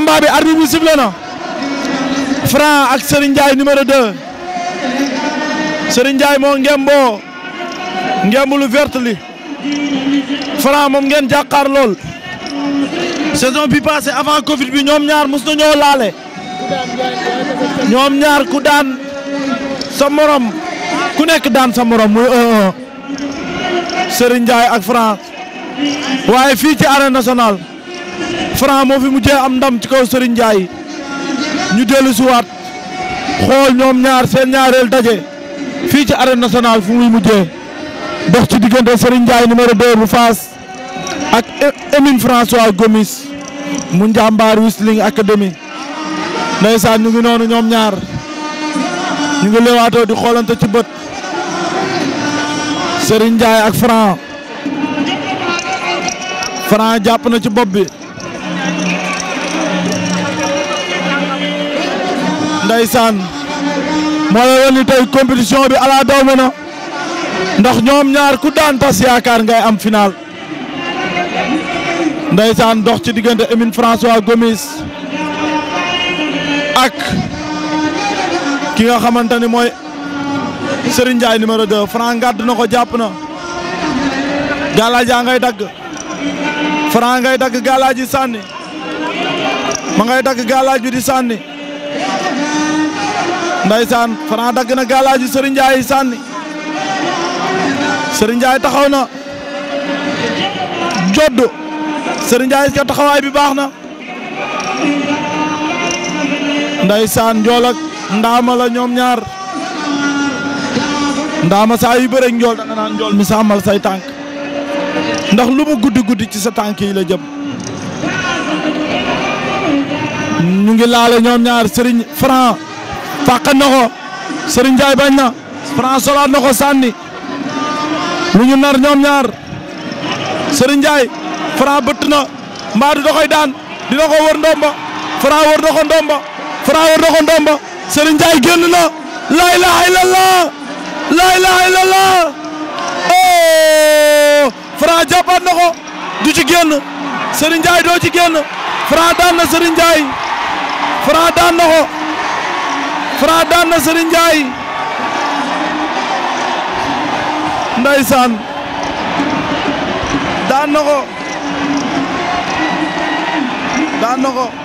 combat bi arbitre bi sifflé na Franc ak Serigne Ndiaye numéro 2 Serigne Ndiaye moo ngemboo ngemb lu vert li moom ngeen jàkkaar lool saison bi passé avant Covid bi ñoom ñaar mos ñoo laale ñoom ñaar ku daan sa ku nekk daan sa morom muy 1 ak Franc waaye fii ci arène nationale. Franc moo fi mujjee am ndam ci kaw Serigne Ndiaye ñu dellu waat xool ñoom ñaar seen ñaareel daje fii ci arène nationale fu muy mujjee dox ci diggante Serigne Ndiaye numéro 2 bu Faas ak Emine François Gomis mu njàmbaar Wrestling Academy ndeysaan ñu ngi noonu ñoom ñaar ñu ngi leewaatoo di xoolante ci bët Serigne ak Franc Franc jàpp na ci bopp bi ndeysaan moo la woon tey compétition bi ala daw me na ndax ñoom ñaar ku daan tas yaakaar ngay am final ndeysaan dox ci diggante Emine François Gomis ak ki nga xamante ni mooy Serigne Ndiaye numéro 2 Franc gàdd na ko jàpp na gàllaajaa ngay dagg Franc ngay dagg gàllaaj yi sànni ma ngay dagg gàllaaj bi di sànni Ndeysaan Franc dagg na gaalaaji Serigne Ndiaye sànni Serigne taxaw na jodd Serigne Ndiaye taxawaay bi baax na. Ndeysaan Njool ak Ndaama la ñoom ñaar Ndaama saa yu bëreeg Njool da naan Njool mi sàmmal say tànk ndax lu mu guddi guddi ci sa tànk yi la jëm. ñu ngi laale ñoom ñaar Serigne Franc fàqan na ko Serigne Ndiaye bañ na Franc ñoom ñaar Serigne Ndiaye Franc bëtt mbaadu da daan dina wër ndomba Franc wër na ko ndomba wër na ko ndomba Serigne Ndiaye génn na la ilaha illallah la ilaha illallah oh Franc jàppaat na ko du ci génn Serigne Ndiaye doo Franc daan na ko daan na Serigne Ndiaye ndeysaan daan na daan na